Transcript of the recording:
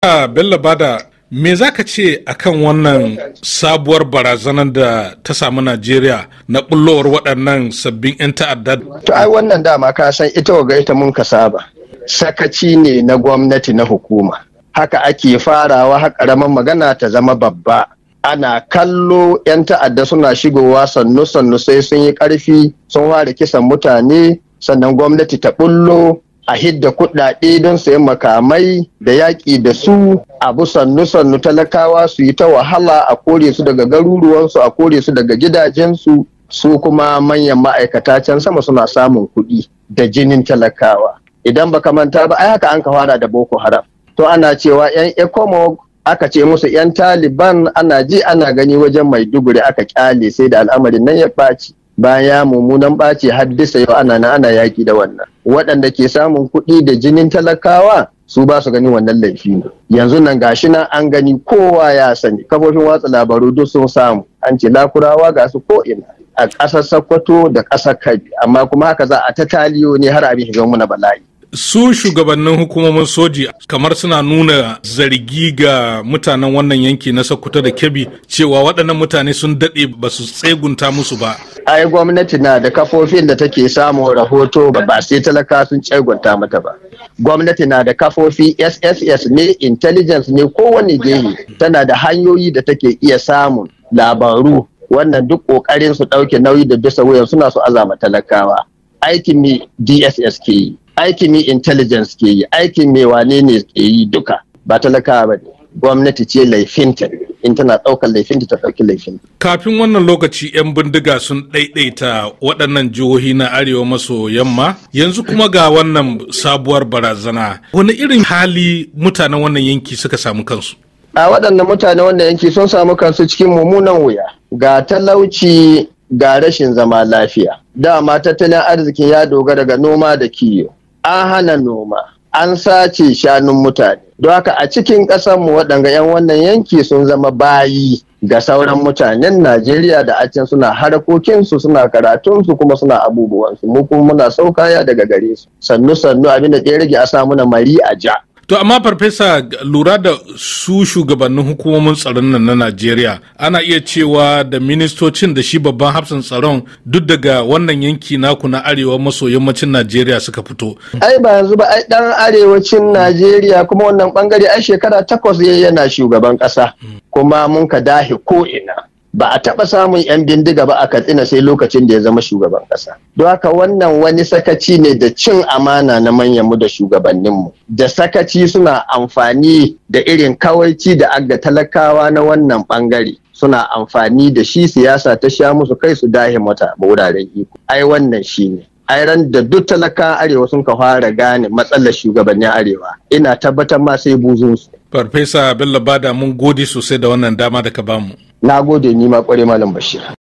Bello Bada, me za ka ce a kan wannan sabuwar barazanar da ta samu Najeriya na bullowar waɗannan sabbin 'yan ta'adda? To ai wannan dama ka san ita wa ita mun ka saba. Sakaci ne na gwamnati na hukuma. Haka ake farawa har ƙaramin magana ta zama babba. Ana kallo 'yan ta'adda suna shigowa sannu sannu sai sun yi ƙarfi sun ware kisan mutane sannan gwamnati ta bullo a hidda kuɗaɗe don sayan makamai da yaƙi da su abu sannu-sannu talakawa su yi ta wahala a kore su daga garuruwansu a kore su daga gidajensu su kuma manyan ma'aikata can sama suna samun kuɗi da jinin talakawa idan ba ka manta ba ai haka an ka fara da boko haram to ana cewa yan ecomog aka ce musu yan taliban ana ji ana gani wajen maiduguri aka kyale sai da al'amarin nan ya ɓaci bayan ya mummunan ɓaci har disa yau ana na ana yaƙi da wannan waɗanda ke samun kuɗi da jinin talakawa su ba su gani wannan laifi ne yanzu nan gashi nan an gani kowa ya sani kafofin watsa labaru duk sun samu an ce lakurawa ga su ko ina a ƙasar Sokoto da ƙasar Kabi amma kuma haka za a ta taliyo ne har abin shiga muna bala'i su shugabannin hukumomin soji kamar suna nuna zargi ga mutanen wannan yanki na sokoto da kebbi cewa waɗannan mutane sun daɗe ba su tsegunta musu ba ai gwamnati na da kafofin da take samun rahoto ba ba sai talaka sun tsaigunta mata ba gwamnati na da kafofi sss ne intelligence ne kowane gehe tana da hanyoyi da take iya samun labaru wannan duk kokarin su dauke nauyi da bisa wuyan suna su azama talakawa aikin mi dss ke yi aikin mi intelligence ke yi aikin me wane ne ke yi duka ba talakawa ba ne gwamnati ce laifinta ne in tana ɗaukar laifin da ta ɗauki laifin. Kafin wannan lokaci 'yan bindiga sun ɗaiɗaita waɗannan jihohi na arewa maso yamma yanzu kuma ga wannan sabuwar barazana wani irin hali mutanen wannan yanki suka samu kansu. A waɗannan mutane wannan yanki sun samu kansu cikin mummunan wuya ga talauci ga rashin zama lafiya. Dama tattalin arzikin ya dogara ga noma da kiyo. An hana noma, an sace shanun mutane don haka a cikin kasanmu waɗanga 'yan wannan yanki sun zama bayi ga sauran mutanen najeriya da a can suna harkokinsu suna karatunsu kuma suna abubuwansu mu kuma muna kaya daga gare su sannu sannu abinda ɗaya rage a samu na mari a ja To amma farfesa lura da su shugabannin hukumomin tsaron nan na Najeriya ana iya cewa da ministocin da shi babban hafsan tsaron duk daga wannan yanki naku na arewa maso yammacin Najeriya suka fito. Ai ba yanzu ba ai dan arewacin Najeriya kuma wannan bangare ai shekara takwas yana shugaban kasa kuma mun ka dahi ko ina. ba a taɓa samun 'yan bindiga ba a katsina sai lokacin da ya zama shugaban kasa. Don haka wannan wani sakaci ne da cin amana na manyanmu da shugabanninmu. Da sakaci suna amfani da irin kawaici da aga talakawa na wannan ɓangare. Suna amfani da shi siyasa ta sha musu kai su dahe mata wuraren iko. Ai wannan shi ne. ai ran da duk talaka arewa sun ka fara gane matsalar shugabannin arewa ina tabbatar ma sai buzunsu. Farfesa Bello Bada mun gode sosai da wannan dama da ka bamu. Na gode ni ma ƙwarai Malam Bashir.